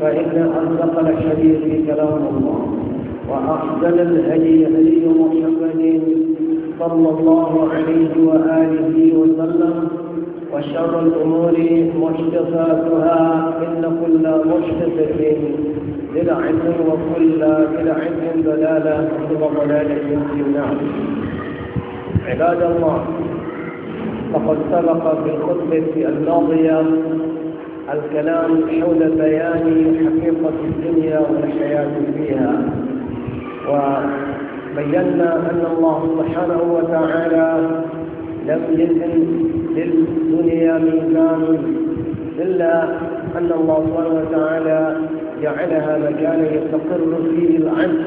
فإن أصدق الحديث كلام الله وأحسن الهدي هدي محمد صلى الله عليه وآله وسلم وشر الأمور محدثاتها إن كل محدثة بدعة وكل بدعة ضلالة وكل ضلالة في النار عباد الله فقد سبق في الخطبة الماضية الكلام حول بيان حقيقة الدنيا والحياة فيها وبينا أن الله سبحانه وتعالى لم يكن للدنيا ميزان إلا أن الله سبحانه وتعالى جعلها مكانا يستقر فيه العبد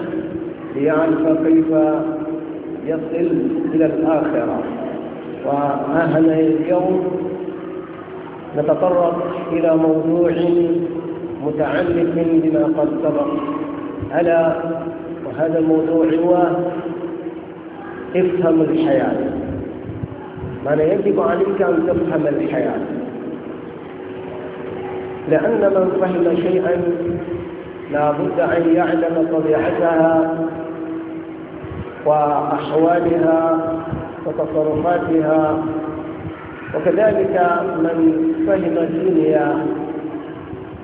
ليعرف كيف يصل إلى الآخرة وها اليوم نتطرق إلى موضوع متعلق بما قد سبق ألا وهذا الموضوع هو افهم الحياة معنى يجب عليك أن تفهم الحياة لأن من فهم شيئا لا بد أن يعلم طبيعتها وأحوالها وتصرفاتها وكذلك من فهم الدنيا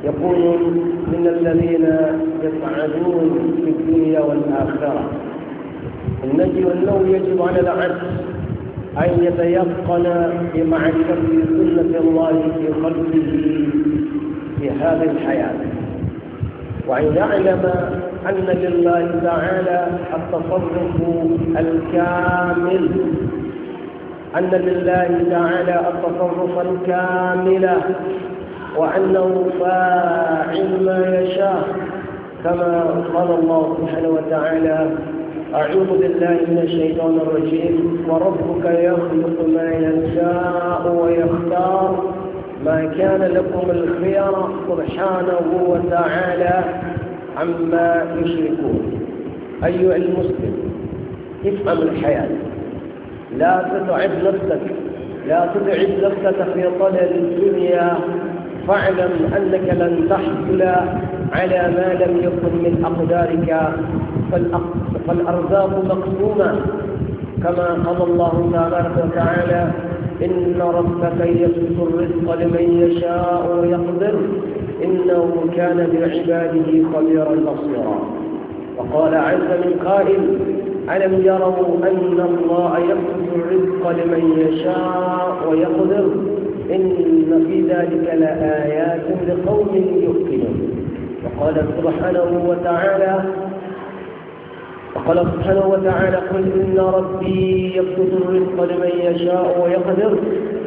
يكون من الذين يفعلون في الدنيا والآخرة النجي والنوم يجب على العبد أن يتيقن بمعرفة سنة الله في قلبه في هذه الحياة وأن يعلم أن لله تعالى التصرف الكامل أن لله تعالى التصرف الكامل وأنه فاعل ما يشاء كما قال الله سبحانه وتعالى أعوذ بالله من الشيطان الرجيم وربك يخلق ما يشاء ويختار ما كان لكم الخيار سبحانه وتعالى عما يشركون أيها المسلم افهم الحياة لا تتعب نفسك لا تتعب نفسك في طلب الدنيا فاعلم أنك لن تحصل على ما لم يكن من أقدارك فالأرزاق مقسومة كما قال الله تبارك وتعالى إن ربك يسلك الرزق لمن يشاء ويقدر إنه كان بعباده خبيرا بصيرا وقال عز من قائل ألم يروا أن الله يخرج الرزق لمن يشاء ويقدر إن في ذلك لآيات لقوم يؤمنون وقال سبحانه وتعالى وقال سبحانه وتعالى قل إن ربي يبسط الرزق لمن يشاء ويقدر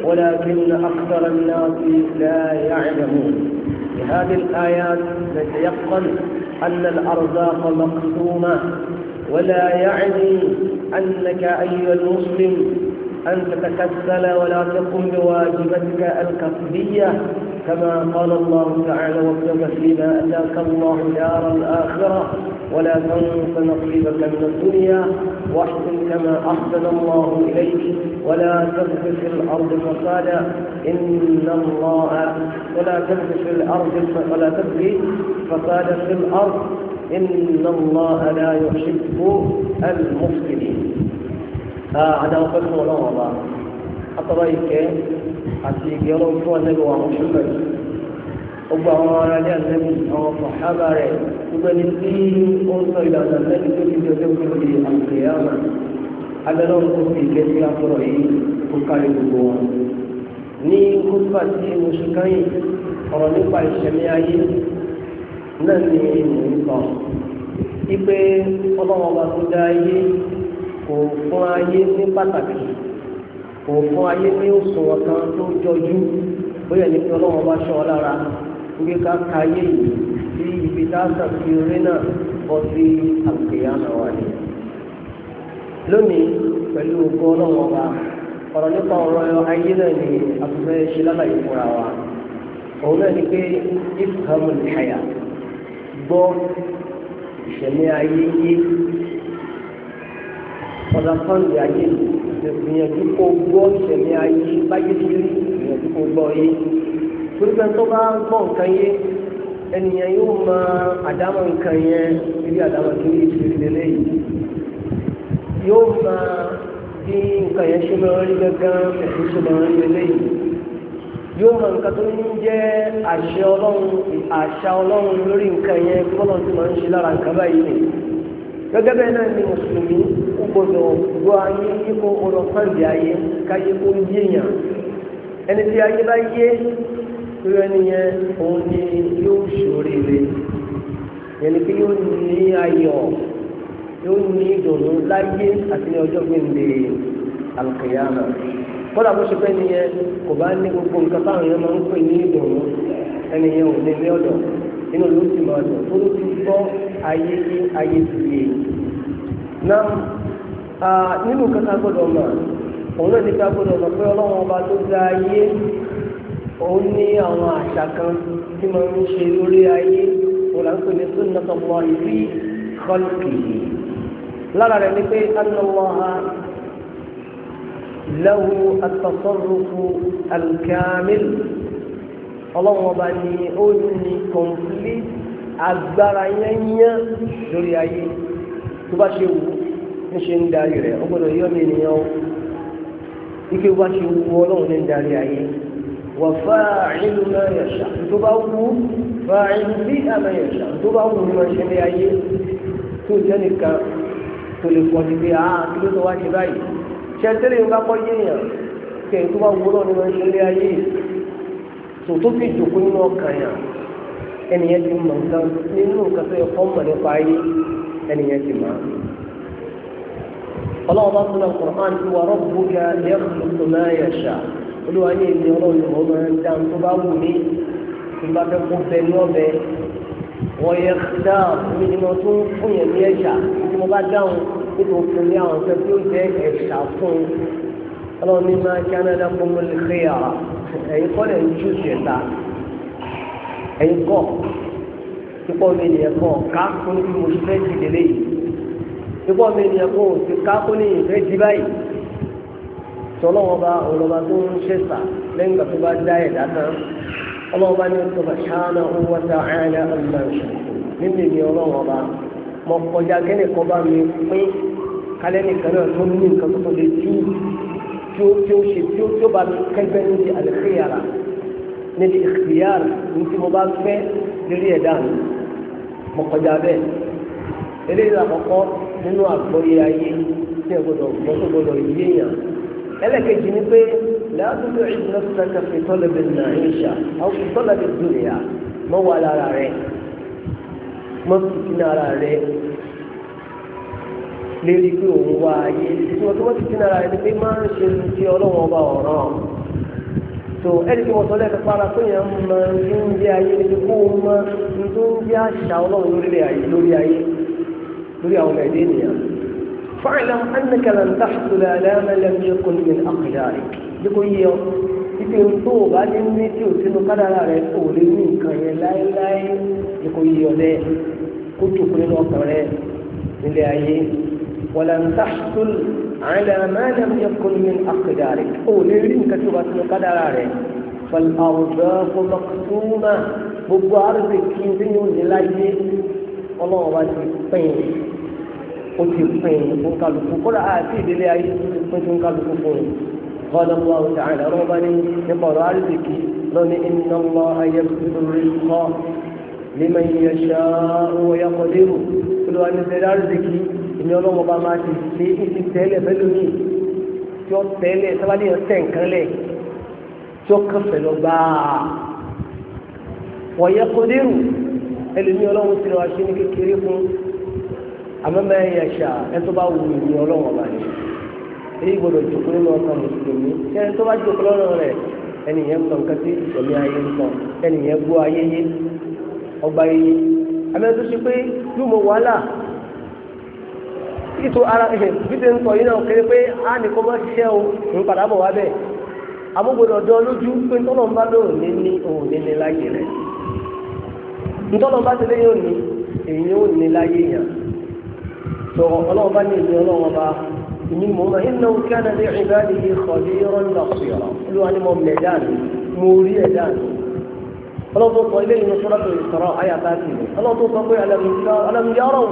ولكن أكثر الناس لا يعلمون بهذه الآيات نتيقن أن الأرزاق مقسومة ولا يعني أنك أيها المسلم أن تتكسل ولا تقم بواجبتك الكفرية كما قال الله تعالى وابتغ فيما أتاك الله دار الآخرة ولا تنس نصيبك من الدنيا واحسن كما أحسن الله إليك ولا تبغ في الأرض فسادا إن الله ولا تبغ في الأرض فلا تبغي فسادا في الأرض إن الله لا يحب المفسدين هذا وقفنا ولا والله أطريك أتيك يرون فوى النبي ومحمد ọgbà àwọn ará ní àtẹ́bù àwọn sàhábà rẹ̀ gbogbo ẹni tí ó ń sọ ìlànà lẹ́yìn tó ti jọjọ́ kó di àkèyàmà abẹ́lọ́run tó fi ìgbẹ́ sí àtọ̀rọ̀ yìí kó kárí gbogbo wọn. ní kópa tí mo ṣe káyìn ọ̀rọ̀ nípa ìṣẹ̀lẹ̀ ayé náà ní nǹkan ipe ọlọ́wọ́n bá tó dá ayé kò fún ayé ní pàtàkì kò fún ayé ní òṣùwọ̀n kan tó jọjú bóyá ní pé ọlọ́wọ́n bá ṣọ́ ọ lára wípé ká ka ayé yìí sí ibi tá a sàn fi orí náà bọ́ sí àgbéyà náà wà lónìí pẹ̀lú ògo ọlọ́wọ́n bá ọ̀rọ̀ nípa ọ̀rọ̀ ayé náà ni àfẹ́fẹ́ ṣe lálàyé fúnra wa òun náà ni pé ifhamu nìyà gbọ́ ìṣẹ̀lẹ̀ ayé yé ọ̀dàkọ́ndì ayé ìgbìyànjú kó gbọ́ ìṣẹ̀lẹ̀ ayé báyé tó rí ìgbìyànjú kó gbọ́ yé torípé tó bá gbọ́ nǹkan yé ẹnìyàn yóò mọ àdámọ̀ nǹkan yẹn ilé àdámọ̀ tó yé ti rí lélẹ́ yìí yóò mọ bí nǹkan yẹn ṣe máa ń rí gángan ẹ̀sìn ṣe máa ń rí lélẹ́ yìí yóò mọ nǹkan tó ń jẹ́ àṣẹ ọlọ́run àṣà ọlọ́run lórí nǹkan yẹn kí wọ́n lọ sí máa ń ṣe lára nǹkan báyìí ni gẹ́gẹ́ bẹ́ẹ̀ náà ni mùsùlùmí ó gbọdọ̀ gbọ́ ayé kíkó ọ̀rọ̀ fáǹdì ayé káyé kó ń yéèyàn ẹni tí ayé bá yé irú ẹni yẹn òun ni yóò ṣòrire ẹni pé yóò ní ayọ̀ yóò ní ìdùnnú láyé àti ní ọjọ́ gbẹ̀ǹde alùpùpù kódà bó ṣe fẹ́ nìyẹn kò bá ní gbogbo nǹkan táwọn èèyàn máa ń pè ní ìdùnnú ẹni yẹn ò ní ilé ọ̀dọ̀ inú ló sì máa dùn tó ló ti gbọ́ ayé yé ayé ti yé náà nínú kẹta gbọ́dọ̀ mà òun náà níta gbọ́dọ̀ mọ̀ pé ọlọ́run ọba tó dá ayé òun ní àwọn àṣà kan tí máa ń ṣe lórí ayé òun là ń pè ní sunnatullahi fi khalqihi lára rẹ̀ ni pé anáwó ha له التصرف الكامل ọlọ́run ọba ni ó ní complete agbára yányán lórí ayé tó bá ṣe wù ní ṣe ń darí rẹ̀ ó gbọ́dọ̀ yọ mí nìyẹn o ike bá ṣe wù ọlọ́run ní ń darí ayé wà fáàìlú náà yẹ̀ṣà tó bá wù fáàìlú bí àmà yẹ̀ṣà tó bá wù ní wọ́n ṣe ní ayé tó jẹ́ nìkan tó lè pọ̀ sí pé àá ah, kí ló tó wá ṣe báyìí ṣẹtẹlẹ ń bá kọ yéèyàn kẹ tó bá wúlọ nínú ìṣẹ̀lẹ̀ ayé tó tó fi jòkó nínú ọkàn yàn ẹnìyẹn ti mọ nǹkan nínú nǹkan tó yẹ kọ́ mọ̀ nípa ayé ẹnìyẹn ti mọ̀. ọlọ́wọ́ bá tún náà Qur'an ti wà rọ́pò ya yakhluqu ma yasha olúwa ní èmi ọlọ́run ló máa ń dá tó bá wù mí tó bá fẹ́ kó bẹ ní ọbẹ̀ wọ́n yẹ dáa mi ni mo tún fún yẹn ní ẹ̀ṣà tí mo bá dáhùn bí mo fún ní àwọn ọ̀sẹ̀ tí ó jẹ́ ẹ̀ṣà fún un ọlọ́run ní máa kí anáda fún mi lè yàrá ẹ̀yin kọ́ lẹ̀ ń jù ṣẹ̀ta ẹ̀yin kọ́ ipò mi nìyẹn kọ́ ká fún mi mo fẹ́ ti délé yìí ipò mi nìyẹn kọ́ òsì ká fún mi ìfẹ́ di báyìí tọ́lọ́wọ́ bá ọlọ́ba tó ń ṣẹ̀ṣà lẹ́yìn ìgbà tó bá dá ẹ̀dá tán ọlọ́ba ní ọ̀sán bàṣánà owó wáta ààrẹ àmì mọ kọjá kẹ́nì kan bá mi pín kálẹ́nì kan náà tó ní nǹkan tó tó lè tí tí ó tí ó ṣe tí ó tí ó bá mi kẹ́gbẹ́ níbi àlẹ́kẹ́yàrá níbi ìkìyàrá ní tí mo bá fẹ́ lórí ẹ̀dá mi mọ kọjá bẹ́ẹ̀ eléyìí làkọ́kọ́ nínú àgbọ́yé ayé tí ẹ gbọ́dọ̀ gbọ́ tó gbọ́dọ̀ yéèyàn ẹlẹ́kẹ̀jì ni pé láàbùdó ìdúró sọ́kà fi tọ́lẹ̀ bẹ̀rẹ̀ náà ń ṣà àwọn fi tọ́lẹ̀ bẹ̀rẹ̀ dùn mọ́tò sínú ara rẹ lérí pé òun wá ayé ìtumọ̀ tó mọ́tò sínú ara rẹ ni pé máa ń ṣe ní ti ọlọ́wọ́n ọba ọ̀ràn tó ẹni tí mo sọ lẹ́ẹ̀kan para pé yẹn máa ń fi ń jẹ ayé ní kó o mọ ní tó ń jẹ àṣà ọlọ́run lórí ayé lórí ayé lórí àwọn ọmọ ẹ̀dẹ́ ènìyàn. fa'lam annaka lan tahsul ala ma lam yakun min aqdarik jẹ́ kó yẹ ọ́ ipe tó o bá dé ní tí o sínú kádàrá rẹ̀ kò lè ní nǹkan yẹn láéláé jẹ́ yẹ ọ́ bẹ́ẹ̀ kó tó kú nínú ọkàn rẹ nílé ayé wàlàntàṣùn àìlàmánà yẹkùn ní àkàdà rẹ ó lè rí nǹkan tó bá tó kádàrà rẹ fàlàwùjọ kọmọkùnmá gbogbo àrùbí kí n sínú níláyé ọlọ́wọ́ bá ti pín ó ti pín nkàlùkù kọ́lá àti ìdílé ayé ti nkàlùkù fún un. قال الله تعالى ربني يقرأ رزقي لن إن الله يبسط الرزق لمن يشاء ويقدر كل أن سيرزقي إن يوم ما ما تسلي تسلي بلوني tó tẹ́lẹ̀ sábàdí yẹn tẹ̀ nǹkan lẹ̀ tó kẹfẹ́ lọ gbáà wọ̀nyẹ kọ́dẹ́rù ẹlòmí ọlọ́run ti lọ aṣọ ní kékeré fún amẹ́mẹ́ yẹ̀ṣà ẹ tó bá wù ní ọlọ́run ọba rẹ̀ èyí gbọdọ̀ jòkó nínú ọkọ mùsùlùmí ṣé ẹni tó bá nǹkan tí ìsọ̀mí ayé ń sọ ẹnìyẹn gbọ́ ayé yé ọgbà yìí àmì tó ṣe pé yóò mọ wàhálà ètò ara bíbẹ̀ ń tọ̀ yìí náà kéré pé a nìkan máa ṣiṣẹ́ o ń padà bọ̀ wá bẹ́ẹ̀ amúgbòdò ọdún lójú pé ntọ́lọ̀ ń bá lóòrùn ní ní òun ní ní láyé rẹ̀ ntọ́lọ̀ ń bá tẹ́lẹ̀ yóò ní èyí yóò ní láyé yàn tó ọlọ́run bá ní ìlú ọlọ́run bá ìní mò ń iná òkè àdàdé ìbáraẹni ìkọ̀dé yọrọ ńlá olúwa ni mo mẹ̀ dáàdì mo rí ẹ̀ dáàdì ọlọ́run tó sọ ilé ìlú sọ́dọ̀tò ìsọ̀rọ̀ ayé àtàkì rẹ̀ ọlọ́run tó sọ pé alẹ́mùyọ́rọ̀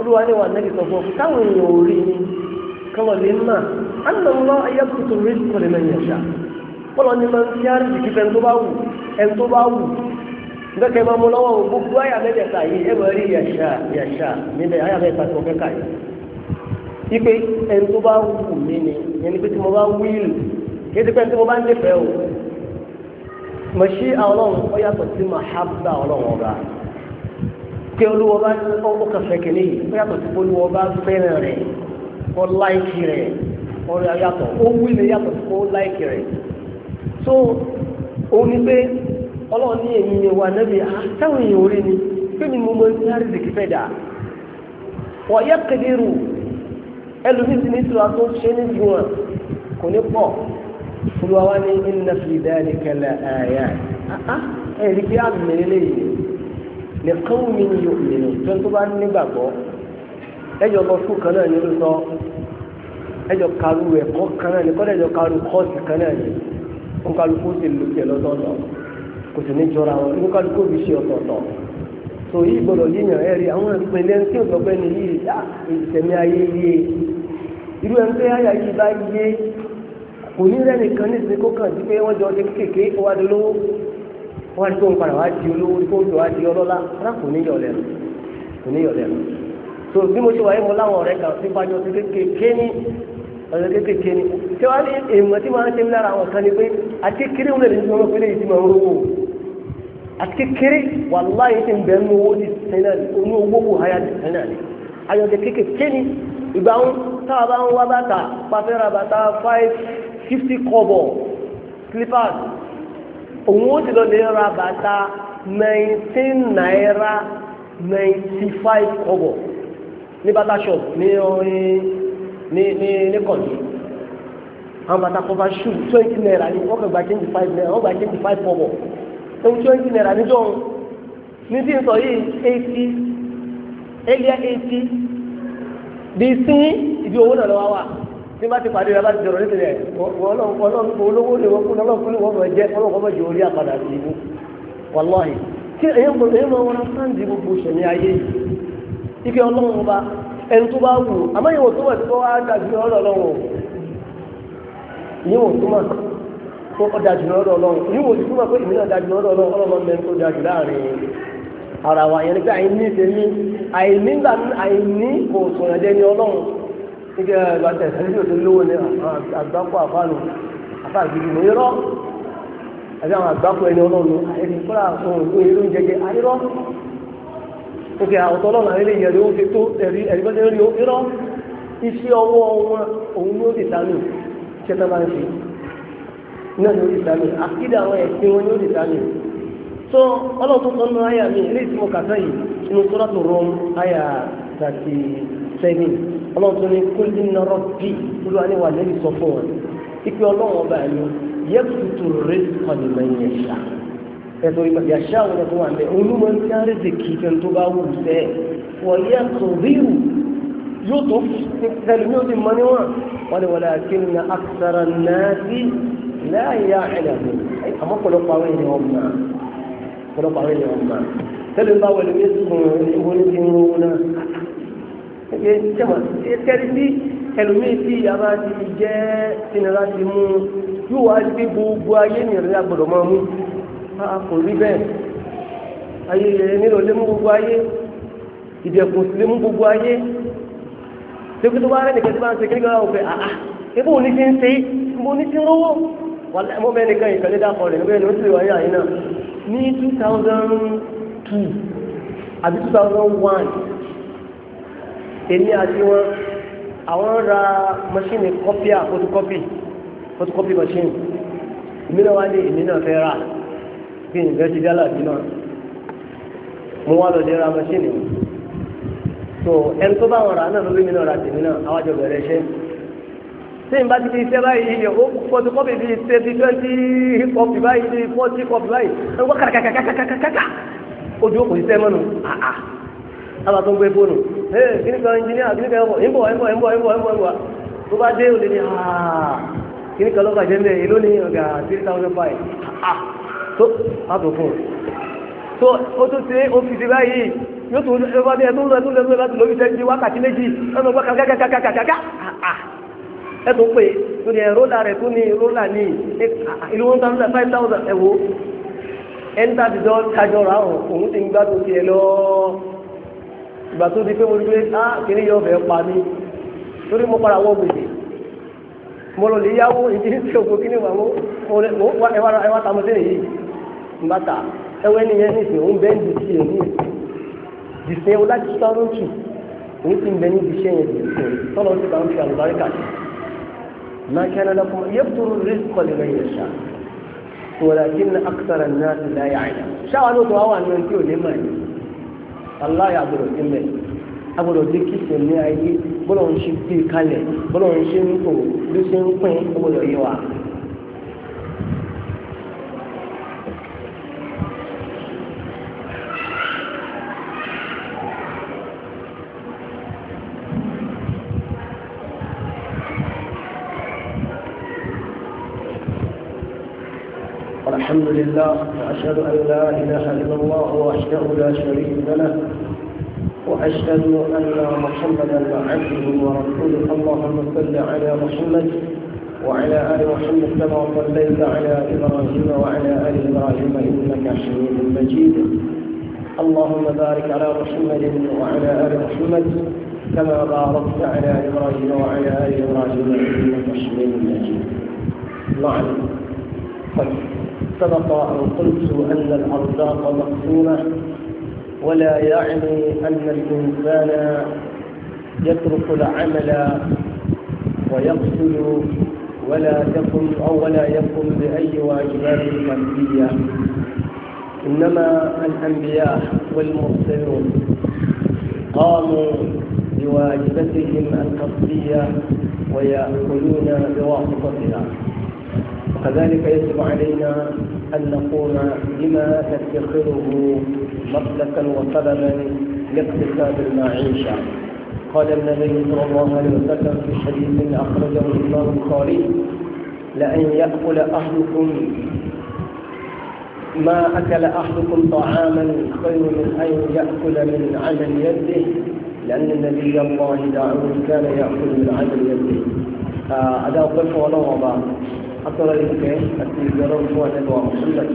olúwa ni wà nẹ́bí sọ fún ọ káwọn èèyàn ò rí ni kọlọ̀ lè mà á nà ń lọ ayé tuntun rí kọlẹ̀ mẹ́yìn ẹ̀ṣá kọlọ̀ ni máa ń fi àrùn jìkì fẹ́ tó bá wù ẹ̀ tó bá wù gbẹ́kẹ̀ máa mú lọ́wọ́ o gbogbo ayé àmẹ́tẹ̀ẹ̀ta yìí ẹ̀ wọ́n rí yàṣà yàṣà níbẹ̀ ayé àmẹ́tẹ̀ẹ̀ta tó kẹ́kà yìí ipe ẹ̀ tó bá wù mí ni ẹni pé tí mo bá wíìlì kí ẹ ti pẹ́ tí mo bá ń dẹ́fẹ̀ẹ́ o mọ̀ṣí ọlọ́run ó yàtọ̀ sí màhábà ọlọ́run ọba pé olúwọ bá ó kàfẹ́ kìíní ó yàtọ̀ sí olúwọ bá fẹ́ràn rẹ̀ ó láìkì rẹ̀ ó yàtọ̀ ó wílé yàtọ̀ sí ó láìkì rẹ̀ so òun ni pé ọlọ́run ní èmi ni wà nẹ́bí àtàwọn ah, èèyàn orí ni pé mi mo mọ ní àrídìkì fẹ́ dà wọ́n yẹ kẹ́gẹ́rù ẹlòmíì sí ní ní ìgbìmọ̀ olúwa wá ní inna fi dhalika la ayat ah, ah, ẹ̀rí bí àmì eléyìí ní qawmin yu'minun tó ń tó bá nígbàgbọ́ ẹjọ́ lọ fún kan náà ní ló sọ ẹjọ́ karu ẹ̀kọ́ kan náà ní kọ́dọ̀ ẹjọ́ karu kọ́ọ̀sì kan náà ní ń kálukú sì lò jẹ lọ́tọ̀ọ̀tọ̀ kò sì ní jọra wọn ń kálukú fi ṣe ọ̀tọ̀ọ̀tọ̀ tò yí gbọ́dọ̀ yíyan ẹ̀rí àwọn ìpínlẹ̀ tí ò gbọ́gbẹ́ yìí ah, ìsẹ̀mí ayé yé irú ẹ̀ ń pẹ́ àyà yìí bá yé kò ní rẹ́ nìkan ní ìsinmi kókàn sí pé wọ́n jọ ṣe kékeré ó wá di olówó wọ́n á ti tóun padà wá di olówó tó ń jọ wá di ọlọ́lá rárá kò ní yọ̀lẹ̀ kò ní yọ̀lẹ̀ nù so bí mo ṣe wáyé mo láwọn ọ̀rẹ́ kan sípa jọ ṣe kékeré ní ọ̀rẹ́ kékeré ní tí wọ́n á ní èèmọ̀ tí wọ́n á ṣe lára àwọn kan ni pé àti kéré wọn lè ní ọmọ pélé ìdí máa ń rówó àti kéré wàláyé ti ń bẹ nínú owó ti sẹ́nà ayọ̀dẹ̀ kékeré ní ìgbà ń tá bá ń wá bàtà pàfẹ́ra bàtà five fifty kọ́bọ̀ slippers òun ó ti lọ lè ra bàtà nineteen naira ninety five kọ́bọ̀ ní bàtà shop ní orin ní ní ní kọ̀ọ̀dù àwọn bàtà kọ́ba shoe twenty naira ní wọ́n kàn gba twenty five naira wọ́n gba twenty five kọ́bọ̀ ohun twenty naira níjọ́ ní tí n sọ yìí eighty earlier eighty bí sí ibi owó náà lọ́wọ́ wà tí bá ti pàdé rẹ bá ti dọ̀rọ̀ nítorí ẹ̀ ọlọ́run olówó lè wọ́n kún ọlọ́run lè wọ́n bọ̀ jẹ́ ọlọ́run kọ́ bọ̀ jẹ́ orí àpàdà sí ibú wàláhì tí èyàn gbọ́dọ̀ èyàn máa wọn sáǹdì gbogbo ìṣẹ̀lẹ̀ ayé ike ọlọ́run ọba ẹni tó bá wù àmọ́ ìwọ̀n tó wà tó wá dàbí ọ̀rọ̀ ọlọ́run ìyẹn wò túmọ̀ tó ọ dàbí ọ̀rọ̀ ọlọ́run ìyẹn wò túmọ̀ pé ìmìnà dàbí ọ̀rọ̀ ọlọ́run ọlọ́run mẹ́rin tó dàbí láàrin ara wa yẹn ni pé àìní tèmi àìní kò sọ̀rọ̀ nígbà ìgbàtẹ̀ ìṣẹ́lẹ̀ tó lówó ní àgbákò àfáàlù àfáàgìrì ní irọ́ àbí àwọn àgbákò ẹni ọlọ́run ẹni kúrò àwọn òun ìlú jẹjẹ àìrọ́ òkè àwọn ọlọ́run àrílẹ̀ ìyẹn ló fi tó ẹ̀rí ẹ̀rí bọ́sẹ̀ lórí irọ́ iṣẹ́ ọwọ́ wọn òun ló ti sánú iṣẹ́ tó máa ń ṣe náà ló ti sánú àkídà àwọn ẹ̀sìn wọn ló ti sánú tó ọlọ́run tó sọ nínú àyà mi ilé ìtumọ̀ kàtá yìí inú sọ́dọ̀ tó rọrùn àyà 30 sẹ́ni ọlọ́run tó ní kúndín nọrọ bí olúwa ní wà lẹ́yìn sọ fún wọn ipe ọlọ́run ọba ẹ̀yọ yẹ́kùtù rẹ̀ kọ́ni mẹ́yìn ẹ̀ṣá ẹ̀tọ́ ìyàṣá àwọn ẹ̀kọ́ wà ń bẹ̀ olúwa ń tí a rẹ̀ ṣe kí fẹ́ni tó bá wù sẹ́ wọ́n yẹ kò ríru yóò tó tẹ̀lé ní oṣù mọ́ níwọ̀n wọ́n ní wọlé akéwì ní akitara náà sí láàyè àìlẹ̀ àmọ́ pọ̀lọpọ̀ àwọn ènìyàn ọ̀ma ẹgbẹ́ tẹ̀wọ̀ tẹ́rí sí ẹlòmíì tí yàrá ti jẹ́ sinira ti mú yóò wá sí gbogbo ayé nìrẹ́ àgbọ̀dọ̀ máa mú a kò rí bẹ́ẹ̀ ayé yẹn nílò lé mú gbogbo ayé ìdẹ̀kùn sí lé mú gbogbo ayé tẹ́kùtù bá rẹ̀ nìkan tí wọ́n ń ṣe kí nígbà wọ́n fẹ́ àá ebó ní ti ń ṣe mo ní ti ń rówó wà láì bẹ́ẹ̀ nìkan ìkàlẹ́ dàpọ̀ rẹ̀ níbẹ̀ ni ó sì wáyé àyínà ní two thousand two àbí two thousand one èmi àti wọn àwọn ra mọ́ṣíìnì kọ́píà fotokọ́pì fotokọ́pì mọ́ṣíìnì èmi náà wá ní èmi náà fẹ́ rà bí nìkan ti dá láti náà mo wá lọ lè ra mọ́ṣíìnì so ẹni tó bá wọn rà náà ló bí mi náà rà tèmi náà àwọn àjọ bẹ̀rẹ̀ iṣẹ́ tí n bá ti fi iṣẹ́ báyìí yẹ ó fotokọ́pì bíi twenty twenty kọ́pì báyìí forty kọ́pì báyìí wọ́n kàkàkàkàkàkàkà ojú àwọn tó ń gbé fóònù ẹ kí ni kan ẹnjìníà kí ni kan ẹ̀wọ̀ ẹ̀wọ̀ ẹ̀wọ̀ ẹ̀wọ̀ ẹ̀wọ̀ ẹ̀wọ̀ ẹ̀wọ̀ tó bá dé òde ni ah, kí ni kan ló bàjẹ́ mẹ́ èló ni ọ̀gá three thousand five ah, tó àtò fún un tó o tó ṣe o fi ti báyìí yóò tó ẹ̀fọ́ bí ẹ̀tún lọ́ẹ̀tún lọ́ẹ̀tún láti lórí tẹ́jú wákàtí méjì ẹ̀tún gbọ́ kàkàkàkàkàkà ah, ẹ̀tún pé tó ní ẹ̀rọ́là rẹ̀ tó ní rọ́là ní ìlú one thousand five thousand ẹ̀wọ̀ ẹ̀ńtà ti dọ́ kájọ ra òun ti ń gbádùn tiẹ̀ lọ́ọ́. ìgbà tó di pé mo rí pé á kiri yọ ọbẹ̀ pa mí torí mo para wọ́n gbèsè mo lọ lè yáwó ìdí tí òkú kí ni wà mo mo wá ẹwà ẹwà ta mo tẹ́lẹ̀ yìí n ẹwẹ́ ni yẹn nìsín òun bẹ́ẹ̀ ní ti èmi dìsẹ́ o láti sáré tù òun ti ń bẹ níbi iṣẹ́ yẹn dìsẹ́ tọ́lọ́ ti bá ń fi àlùbáríkà sí aláì àgbọ̀dọ̀ sí mẹ́ àgbọ̀dọ̀ sí kìsì ní ayé bọ́lọ̀ ń ṣe gbé e kalẹ̀ bọ́lọ̀ ń ṣe ń tò ló ṣe ń pín àgbọ̀dọ̀ yẹ wa. الحمد لله وأشهد أن لا إله إلا الله وحده لا شريك له وأشهد أن محمدا عبده ورسوله اللهم صل على محمد وعلى آل محمد كما صليت على إبراهيم وعلى آل إبراهيم إنك حميد مجيد اللهم بارك على محمد وعلى آل محمد كما باركت على إبراهيم وعلى آل إبراهيم إنك حميد مجيد معنا نعم. طيب سبق أن قلت أن الأرزاق مقسومة ولا يعني أن الإنسان يترك العمل ويقتل ولا يقم أو ولا يقم بأي واجبات مادية إنما الأنبياء والمرسلون قاموا بواجبتهم القصدية ويأكلون بواسطتها وكذلك يجب علينا أن نقوم بما نتخذه مسلكا وسببا لاقتصاد المعيشة قال النبي صلى الله عليه وسلم في حديث أخرجه الإمام البخاري لأن يأكل أحدكم ما أكل أحدكم طعاما خير من أن يأكل من عمل يده لأن النبي الله دعوه كان يأكل من عمل يده آه، هذا آه قلت atọ́rọ ìfẹ́ àti ìgbẹ́rọ fún àtẹ́lẹ̀ wa mọ̀sílẹ̀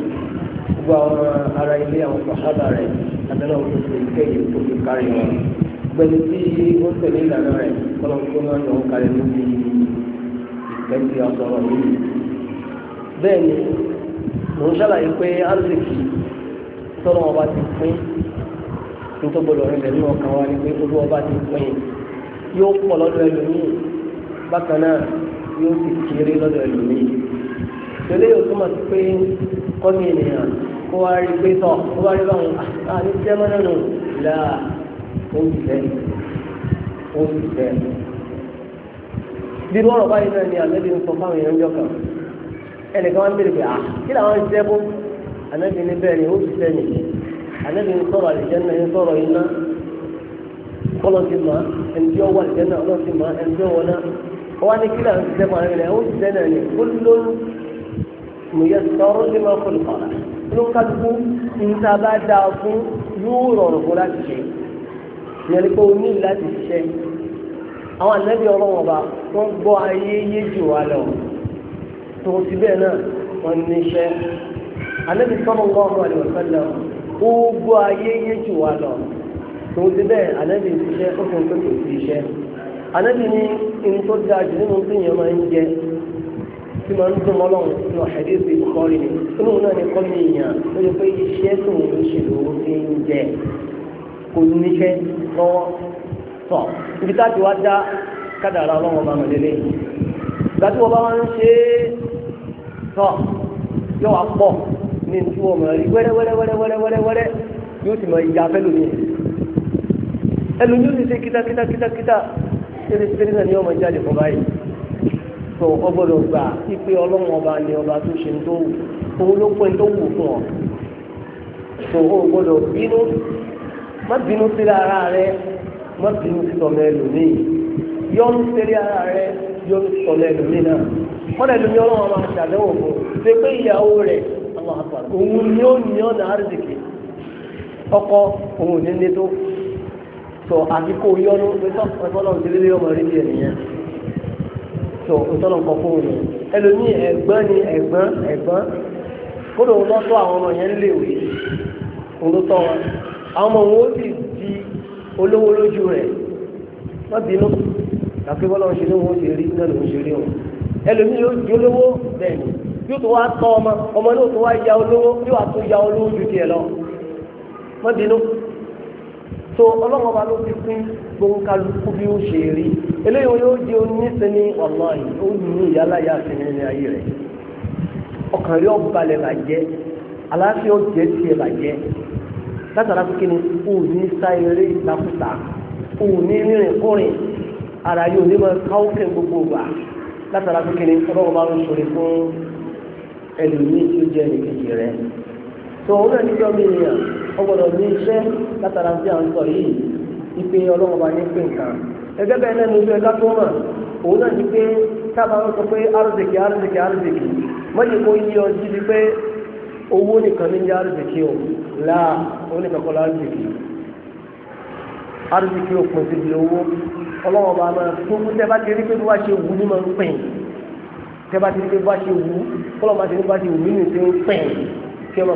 gbogbo àwọn ará ilé àwọn sàhábà rẹ̀ àtẹ́lẹ̀ òkú ti ìfẹ́ yìí tó fi kárí wọn gbẹ̀lú tí ó tẹ̀lé ìlànà rẹ̀ kọ́lọ́ tó máa yọ̀ kárí lórí ìfẹ́ tí a sọ̀rọ̀ yìí bẹ́ẹ̀ ni mò ń ṣàlàyé pé arzikì tọ́lọ́ ọba ti pín nítorí gbọdọ̀ lẹ́nu ọkàn wa ni pé olú ọba ti pín yóò pọ̀ lọ́dọ̀ ẹlòmíì bákan náà yóò sì kéré lọ́dọ̀ ẹlòmíì tẹ́lẹ̀ yóò túmọ̀ sí pé kọ́mi ènìyàn kó wá rí pé tọ̀ kó wá rí báwọn àní ah, jẹ́ mọ́nà nù là ó sì bí wọ́n rọ̀ báyìí náà ni àlẹ́ bí ń sọ fáwọn èèyàn jọ kan ẹnìkan wá ń bèrè pé à ah, kí làwọn ń jẹ́ bó ànábì ní bẹ́ẹ̀ ni ó sì fẹ́ nìyí ànábì ń sọ̀rọ̀ àlìjẹ́ náà ń sọ̀rọ̀ iná kọ́lọ́ ti mọ̀ ẹni tí ó wà àlìjẹ́ náà wọ́n ní kílà ń ṣiṣẹ́ fún ẹ̀rẹ́ ó ṣiṣẹ́ náà ní kúlóòlù nìyẹn sọ̀rọ̀ ní máa kó lùkọ́lá inú kálukú níta bá dáa fún yóò rọrùn fún láti ṣe ìyẹn ni pé o ní láti ṣiṣẹ́ àwọn ànábì ọlọ́wọ́n ọba wọ́n gbọ́ ayé yé jù wá lọ tó o ti bẹ́ẹ̀ náà wọ́n ní iṣẹ́ ànábì sọ́mọ́ ńlá ọmọ àlè wọ̀sán lọ ó gbọ́ ayé yé jù lọ tó o ti bẹ́ẹ̀ ànábì iṣẹ́ ó fi ń pè kò sí iṣẹ́ anabi ni in tó dáa jù nínú tí yẹn máa ń jẹ tí máa ń dùn mọ́lọ́n nínú àdéhùn ìkọrin ni inú náà ni kọ́ ní ìyàn tó yẹ pé iṣẹ́ tó ń ṣe lówó fi ń jẹ kò níṣẹ́ lọ́wọ́ tọ̀ ibi táàtì wá dá kádàrá ọlọ́wọ́ máa mọ̀ lélẹ̀ ìgbà tí wọ́n bá ń ṣe é tọ̀ yọ wá pọ̀ ní tí wọ́n mọ̀ rí wẹ́rẹ́wẹ́rẹ́wẹ́rẹ́wẹ́rẹ́ yóò sì mọ̀ ìyá fẹ́lómi ẹlòmíràn ti ṣe kítakítakítakíta pérépéré náà ni ọmọ jáde fún báyìí tó o gbọ́dọ̀ gbà pípé ọlọ́run ni ọba tó ṣe ń tó wù owó ló pẹ́ tó wù fún ọ tó o gbọ́dọ̀ bínú má bínú sí ara rẹ má bínú sí tọmọ ẹlòmíì yọnu sẹ́rí ara rẹ yọnu sọmọ ẹlòmíì náà wọn ẹlòmíì ọlọ́run ọba ṣàdéhùn fún ṣe pé ìyàwó rẹ àwọn àpàtà òun ni ó ní ọ̀nà àrídìkì ọkọ òun ò ní ní tó. So àti kó yọnu ọlọ́run ti lélẹ́ ọmọ orílẹ̀ nìyẹn So ìtọ́nà kan fún òun ẹlòmíì ẹ̀gbọ́n ni ẹ̀gbọ́n ẹ̀gbọ́n kódò òun lọ́tọ́ àwọn ọmọ yẹn léwé òun ló tọ́ wọn àwọn ọmọ òun ó sì di olówó lójú rẹ̀ wọ́n bínú àfi bọ́lá òun ṣe ní òun ṣe rí náà lòun ṣe rí òun ẹlòmíì yóò di olówó bẹ́ẹ̀ ni yóò tó wá tọ́ ọmọ ọmọ náà tó wá ya olówó yóò wá tó ya olówó ju tiẹ̀ lọ wọ́n bínú so ọlọ́run ọba ló ti pín gbóǹkálukú bí ó ṣe rí eléyìí yóò di oníṣẹ́ ní ọ̀nà yìí ó ní ìyáláyà àfihàn ní ayé rẹ̀ ọkàn rí ọ̀balẹ̀ bàjẹ́ aláfíà ọ̀jẹ̀ tiẹ̀ bàjẹ́ látara pínpín ní òní sá eré ìtakùtà òní rìnrìn kúrìn ara yóò ní máa káwókè gbogbo gbà látara pínpín ní ọlọ́run ọba ló sọ̀rọ̀ fún ẹlòmíì tó jẹ́ ìkejì rẹ̀ so ọ̀rẹ́ nígbà mí ó gbọ́dọ̀ ní iṣẹ́ látara tí à ń sọ yìí ipe ọlọ́run bá ní pé nǹkan ẹgbẹ́ bẹ́ẹ̀ náà ní ibi ẹ̀ka tó mọ̀ òun náà ní pé tábà ń sọ pé arziki arziki arziki mọ́jì kó yí ọ jíbi pé owó nìkan ní arziki o láà owó nìkan kọ́ arziki arziki o pín síbi owó ọlọ́run bá máa tó kú tẹ́ bá ti rí pé bí wàá ṣe wù ní máa ń pín tẹ́ bá ti rí pé bí wàá ṣe wù kọ́lọ́ bá ti rí bá ti wù nínú ìṣe ń pín kí ọmọ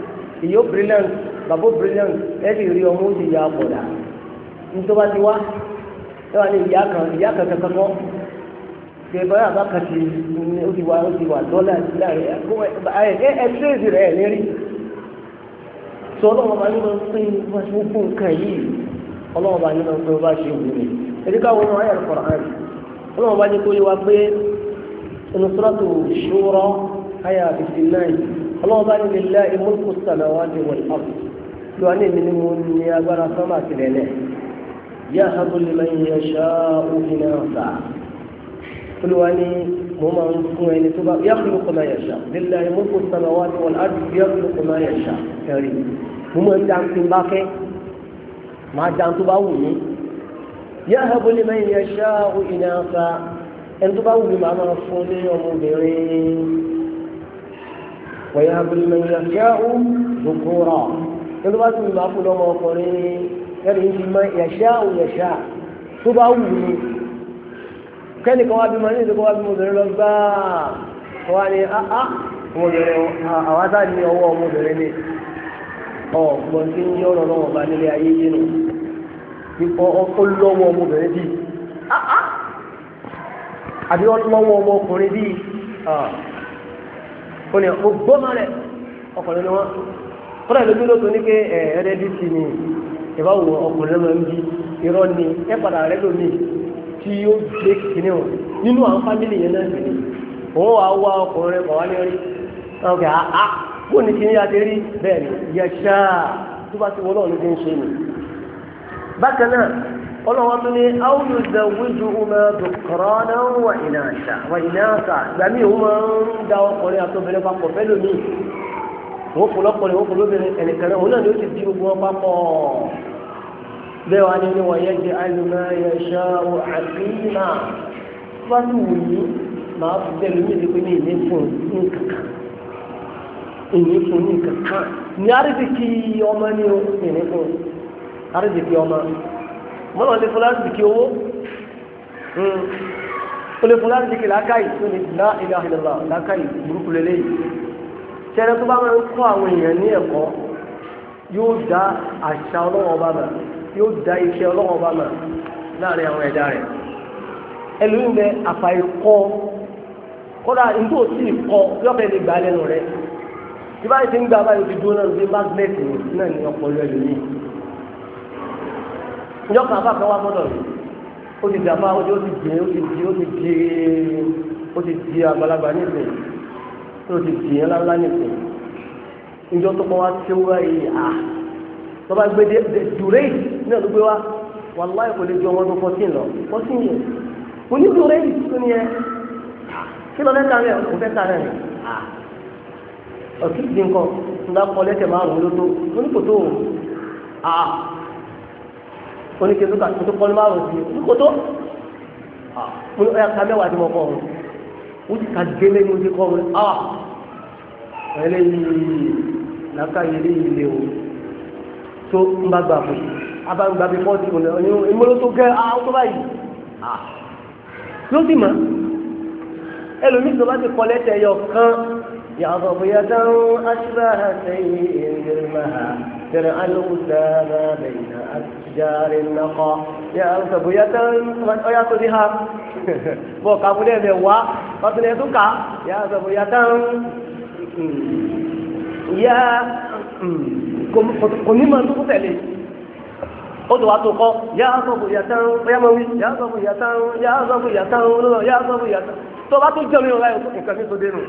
ìyó brilliant bàbá brilliant ẹ̀rì rí ọmọ ó sì yà bọ̀dà nítorí wá ti wá ẹ̀wà ní ìyá kan ìyá kan kankan kọ́ ṣe báyà bá kan ti ó ti wà ó ti wà dọ́là ti láàrin ẹ̀ ẹ̀ ṣéèzì rẹ̀ ẹ̀ lérí sọ ọlọ́run bá nínú pé wọ́n ti kú nǹkan yìí ọlọ́run bá nínú pé wọ́n bá ṣe wù mí ẹ̀dí káwọn ọ̀nà ayẹ̀rọ kọ̀ọ̀rọ̀ àná ọlọ́run bá ní kó yẹ wá pé inú sọ́lá ọlọ́wọ́ bá nílé ilé ìmúlùkù sàmì wá ní wọ̀lì ọ̀pù tí wọ́n ní èmi ni mo ní agbára sọ́mà sílẹ̀ lẹ̀ yá abúlé máa ń yẹ ṣá òfin náà sá olúwa ni mo máa ń fún ẹni tó bá yá kúlù kọ́ máa yẹ ṣá nílé ìmúlùkù sàmì wá ní wọ̀lì ọ̀pù yá kúlù kọ́ máa yẹ ṣá ẹ̀rí mo máa ń dá nǹkan bá fẹ́ máa dá nǹkan bá wù mí yá abúlé máa ń yẹ ṣá òfin náà sá ẹni tó bá wù mí máa máa fún ọmọbìnrin ويهب لمن يشاء ذكورا nínú bá tún ìgbà fún lọ́mọ ọkùnrin ní kẹ́lì ń fi mọ yẹ̀ṣẹ́ àwọn yẹ̀ṣẹ́ tó bá wù mí kẹ́lì kan wá bímọ ní ìdókòwò wá bímọ obìnrin lọ gbáà wọ́n wá ní áá ah, ah, ọmọbìnrin àwọn àtà ní ọwọ́ ọmọbìnrin ni ọ̀gbọ́n tí ń yí ọ̀rọ̀ náà bá nílé ayé yé nu ipò ọkọ lọ́wọ́ ọmọbìnrin bíi áá ah, àbí ọlọ́wọ́ ọmọkùnrin bíi ó ní mo gbọ́ ọkùnrin ni wọ́n kọ́lá ìlú lóto ní pé ẹ̀ẹ́dẹ́ bí ti ni ìbá wo ọkùnrin náà ń bí irọ́ ni ẹ padà rẹ lómi tí ó gbé kìíní wọn nínú àwọn fámìlì yẹn náà nìyí òun wàá wá ọkùnrin bàwá ní rí ọkùnrin kì á kó ní kí ní yá ti rí bẹ́ẹ̀ ni yẹ ṣáà tó bá ti wọ́n náà ló ti ń ṣe nì bákan náà ọlọ́wọ́ tó ní áwùjọ ìdáwójú ọmọ dùkọ̀rọ̀nà wà ìnáṣà wà ìnáṣà gbàmí òun máa ń da ọkùnrin àtọ́bìnrin papọ̀ fẹ́lò mí wọ́n kò lọ́kùnrin wọ́n kò lóbìnrin ẹnìkanrẹ́ òun náà ni ti di gbogbo papọ̀ bẹ́ẹ̀ wá ní ní wọ́n yẹ jẹ́ alùmọ́ ẹ̀ṣọ́ àfihàn fásitì wù ní màá fi bẹ́ẹ̀ lómi ìdí ní ìní fún ìní fún ní kankan ní àrídìkì ọmọ ní ìní fún àrídìkì ọmọ mọ́nà lè fún láti kí owó o lè fún láti kí lákàyè tó ní lá ilé àhìlọ́lá lákàyè burúkú lélẹ́ yìí ṣẹlẹ̀ tó bá máa ń kọ́ àwọn èèyàn ní ẹ̀kọ́ yóò dá àṣà ọlọ́wọ́ bá mà yóò dá iṣẹ́ ọlọ́wọ́ bá mà láàrin àwọn ẹ̀dá rẹ̀ ẹlòmíín bẹ àfàìkọ́ kódà nítorí òsì kọ́ yọ̀fẹ́ lè gbà lẹ́nu rẹ̀ tí ti ń gbà báyìí ti dúró náà ní magnet náà ní ọpọlọ ẹlòmíín ìjọ kan afáfẹ́ wa mọ́dọ̀ rẹ̀ ó ti dàbá ó ti di ó ti di ó ti di ó ti di àgbàlagbà nísìn ó ti di ẹ̀ ńláńlá nísìn ìjọ tó kọ́ wa tí ó wáyé à tọ́ba gbé dé dùrẹ́ náà ló gbé wa wàláyé kò lè ju ọmọdún fourteen lọ fourteen yẹn mo ní dùrẹ́ tó ní ẹ kí lọ lẹ́tà rẹ̀ kò fẹ́ tà rẹ̀ ọ̀kí ti nǹkan ńlá kọ lẹ́tẹ̀ márùn-ún lótó tó oníke tó kàtó tó kọ́ni márùn sí ojúkò tó ah, mo ní ọ̀yà ká mẹ́wàá tí mo kọ́ ọ̀run ó ti ka gélé mo ti kọ́ ọ̀run ah ẹlẹ́yìí làákàyè eléyìí lé o tó ń bá gbà fún abáǹgbà bíi fọ́ọ̀tì òun ní ìmọ̀lẹ́ gẹ́ ah tó báyìí ah ló sì mọ̀ ẹlòmíì tó bá ti kọ́ lẹ́tẹ̀ yọ kán يعظم يدا أشبه سيء جرمها درع الأسامى بين أسفل Jarin nàkọ ya ń sọ bóyá tán ọyà tó ní ha bọ̀ kàbúlẹ̀ bẹ̀ wá ọtún ẹ̀ tún kà yà ń sọ bóyá tán yà kò ní màá tó tẹ̀lé ó ti wá tó kọ́ ya ń sọ bóyá tán bóyá máa wí yà ń sọ bóyá tán yà ń sọ bóyá tán yà ń sọ bóyá tán tó bá tó jẹ́ mi ọ̀la nǹkan mi tó dénú.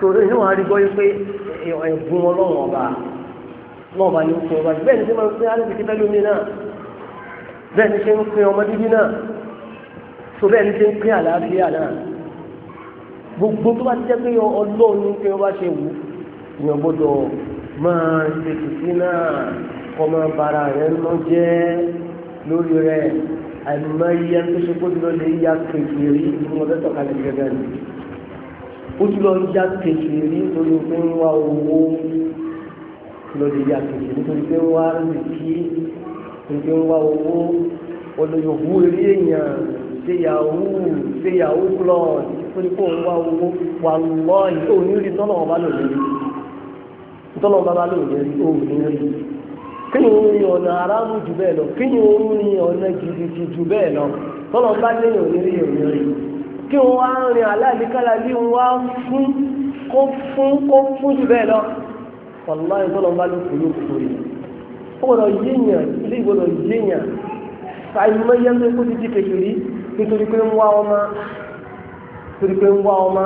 tòun ní wàá rí gbọ́ yí pé ẹ̀bùn ọlọ́run ọba náà bá yóò fún ọba yìí bẹ́ẹ̀ ni ṣe máa ń pín alẹ́bìkí bẹ́lómi náà bẹ́ẹ̀ ni ṣe ń pín ọmọ dídí náà tó bẹ́ẹ̀ ni ṣe ń pín àlàáfíà náà gbogbo tó bá ti jẹ́ pé ọlọ́run ní pé ọba ṣe wù èèyàn gbọ́dọ̀ máa ṣe kìkì náà kọ́ máa bara rẹ̀ ń jẹ́ lórí rẹ̀ àìmọye tó ṣe kó jùlọ lè ya kékeré ní ọdẹ tọ̀kalẹ̀ gẹ́gẹ́ ni ó jùlọ ya kékeré lórí pé ń wá owó lórí ìyá kejì nítorí pé ó wá rí kí nítorí ó wá owó olóyòwú rí èèyàn ṣe yahoo ṣe yahoo plus nítorí pé òun wá owó wà lọ́ọ̀yì ó ní rí tọ́lọ̀ ọba lòdì rí tọ́lọ̀ ọba lòdì rí ó ní rí kí ni òun ní ọ̀nà aráàlú jù bẹ́ẹ̀ lọ kí ni òun ní ọ̀nà gidigidi jù bẹ́ẹ̀ lọ tọ́lọ̀ ọba lẹ́yìn òní rí òní rí kí wọ́n á rin aláìníkàlà bí wọ́n á fún kó fún kó fún jù bẹ́ẹ̀ lọ. wàlá ìtọ́lọ̀ bá ló kò yóò ó gbọ́dọ̀ yéèyàn ilé ìgbọ́dọ̀ yéèyàn àìmọ́ yẹn tó kó ti di kékeré nítorí pé ń wá ọmọ nítorí pé ń wá ọmọ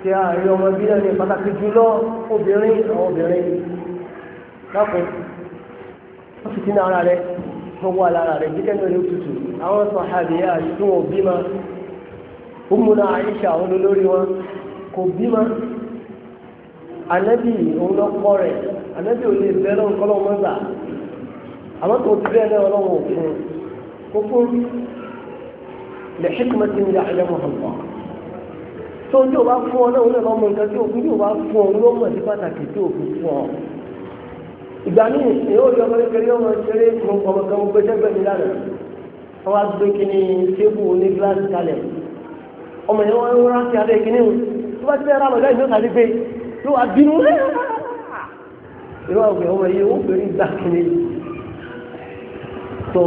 tí a rí ọmọ bí pàtàkì jùlọ obìnrin àwọn obìnrin ó sì ara rẹ rẹ jíkẹ́ ní òtútù àwọn sọ tí wọn bí ma ó àyíṣà wọn kò bí ma anabi òun lọ kọ́ rẹ̀ anabi ò lè bẹ́ lọ́wọ́ kọ́lọ́ wọn gbà àmọ́ tó ti bẹ́ẹ̀ náà lọ́wọ́ òfin kókó lè ṣèkùmọ́ ti ń yà ẹ̀yẹ́ mọ̀hánmọ́ tó ń tí o bá fún ọ náà ó lè lọ́mọ nǹkan tí òfin tí o bá fún ọ ló mọ̀ sí pàtàkì tí o fún ọ ìgbà míì èyí ó yọ ọmọ kékeré ọmọ ìṣeré fún ọmọ kan mo gbéṣẹ́ gbẹ̀mí lánàá wọ́n á gbé kíní tébù ní gíláàsì kalẹ̀ ọmọ yẹn wọ́n ń rántí abẹ́ kíní o tó bá ti bẹ́ẹ̀ yóò wá bínú ìwà òkè ọmọ yìí ó pèrè ìgbà kìíní tó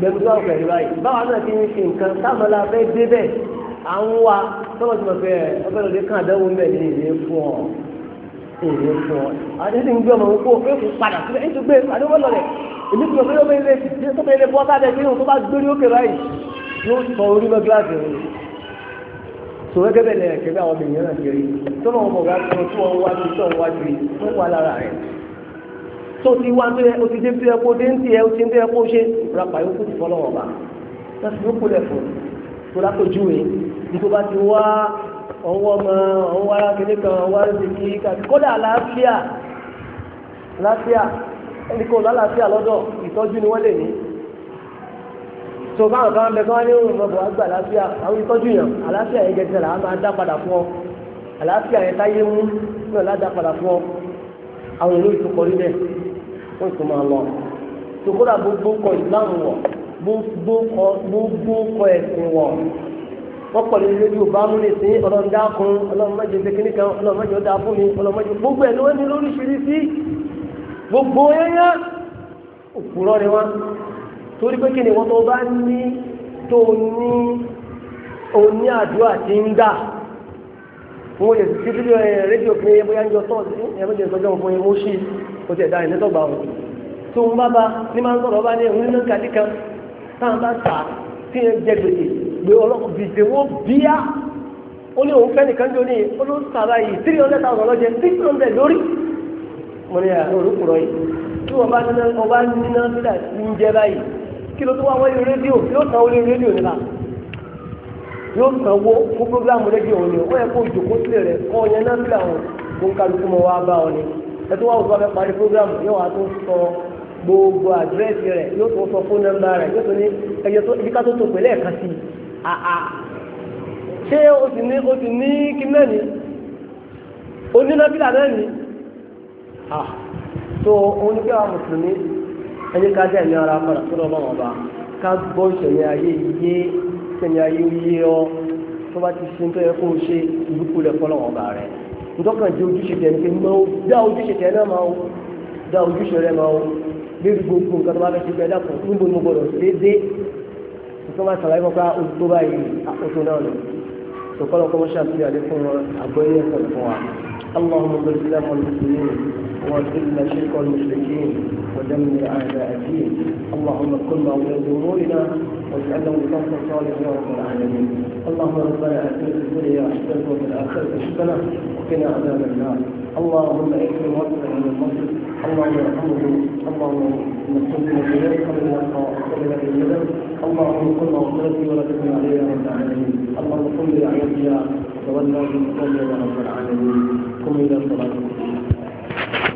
bẹ̀rù tó àwọn pẹ̀lú báyìí báwa náà ti ń ṣe nǹkan táwọn la fẹ́ dé bẹ́ẹ̀ à ń wa tọ́lọ̀ tí mo fẹ́ ọbẹ̀ lòdì kan àdáwò ń bẹ̀ ní ìlé fún ọ ìlé fún ọ àti ti ń gbé ọmọ òkú òkú èkó padà síbẹ̀ ètò gbé àdéhùn èmi kò fẹ́ yọ bẹ́ẹ̀ ilé tó bẹ́ẹ̀ ilé bọ́ tó gẹ́gẹ́ bẹ́ẹ̀ lẹ́yìn kẹ́gẹ́ àwọn obìnrin náà kiri tó náà mọ̀ wá tó tó wọn wá sí tó wọn wá sí tó wà lára rẹ̀ tó ti wá tó yẹ o ti dé tó yẹ dé ń tiẹ̀ o ti ń tó yẹ kó ṣe rapa yóò kú ti fọ́ lọ́wọ́ bá láti yóò kú lẹ̀ fún tó lápèjúwe nítorí bá ti wá ọwọ́ ọmọ ọwọ́ arákìnrin kan ọwọ́ arákìnrin kan kódà àlàáfíà àlàáfíà ẹnì kan lálàáfíà lọ́dọ̀ ìtọ́jú ni wọ́n lè ní tó bá nǹkan bẹ kán ní òun ọ̀bọ̀ àgbà àlàáfíà àwọn ìtọ́jú yàn àlàáfíà yẹn gẹ́gẹ́ là á máa dá padà fún ọ àlàáfíà yẹn táyé mú náà ládàá padà fún ọ àwọn ìlú ìtúkọ níbẹ̀ wọ́n tún máa lọ. tòkúrà gbogbo kọ ìsìláàmù wọ̀ gbogbo kọ ẹ̀sìn wọ̀ wọ́n pọ̀ lórí lójú bá mú lè sí ọlọ́run dákun ọlọ́run mẹ́jọ ṣe kíní kan ọlọ́run mẹ́jọ fún mi ọlọ́run gbogbo ẹ̀ ló ní lóríṣiríṣi gbogbo yẹn yẹn òpùrọ̀ ni wọ́n torí pé kí ni wọ́n tó bá ní tó ní òní àdúrà tí ń dà wọ́n lè fi fídíò ẹ̀ eh, rédíò pé bóyá ń jọ tọ́ọ̀sì ẹ̀mẹ́jẹ̀ ìtọ́jọ́ fún ẹ̀ mú sí ó ti ẹ̀dá ìnítọ́gbà ọ̀hún tó ń bá bá ní máa ń sọ̀rọ̀ bá ní ìrìn náà kàdí kan táwọn bá tà tí ẹ jẹ gbèsè gbé ọlọ́kùn gbèsè wó bíyá ó ní òun fẹ́ nìkan jọ ní olóṣàlá yìí three hundred thousand lọ́jẹ́ six hundred lórí mo ní àrùn ah, òrùkùrọ̀ yìí tí wọ́n bá níná sílẹ̀ kí ló tó wá wáyé rédíò yóò tàn orí rédíò nínà yóò tàn wó fún programu rédíò ni ó yẹ kó ìjòkó sílẹ̀ rẹ̀ kọ́ ọ yẹn náà sílẹ̀ àwọn kó ń kálukú mọ́ wá bá ọ ni ẹ tó wá wò fẹ́ parí programu yóò wá tó sọ gbogbo àdírẹ́sì rẹ̀ yóò tó sọ fún nọ́mbà rẹ̀ yóò tó ní ẹyẹ tó ibi ká tó tó pẹ̀lẹ́ ẹ̀ka sí i àà ṣé o sì ní o sì ní kí náà ni onínábìlà náà à tó oníkẹ́wà mùsùlùmí ẹni ká dẹ̀ ní ara padà sọ́dọ̀ ọlọ́run ọba ká gbọ́ ìṣẹ̀mí ayé yé ìṣẹ̀mí ayé yé ọ tó bá ti ṣe ń tọ́yẹ kó o ṣe ìdúkú rẹ̀ fọlọ́run ọba rẹ̀ ntọ́kàn jẹ́ ojúṣe tẹ̀ ní pé mọ́ dá ojúṣe tẹ̀ náà máa dá ojúṣe rẹ̀ máa lérí gbogbo nǹkan tó bá fẹ́ ṣe bẹ́ẹ̀ dàpọ̀ níbo ni mo gbọ́dọ̀ dédé nǹkan máa ṣàlàyé ah, wọn pé báyìí àkóso náà lọ sọ̀kọ́lọ́kọ́ mọ́ṣáàtì àlékún àgbọ̀yé ẹ̀sán fún wa. اللهم صل على محمد وذل شرك المشركين ودمر اعداء الدين اللهم كن اولاد امورنا واجعلهم بفضل صالح يا رب العالمين اللهم ربنا اتنا في الدنيا حسنه وفي الاخره حسنه وقنا عذاب النار اللهم اكرم وقتنا من المسجد اللهم ارحمه اللهم نستغفر بذلك من القاء وقبل الندم اللهم كن اولادي ورزقنا عليه يا رب العالمين اللهم كن برعايتنا وتولى بالقوم يا رب العالمين قم الى صلاتكم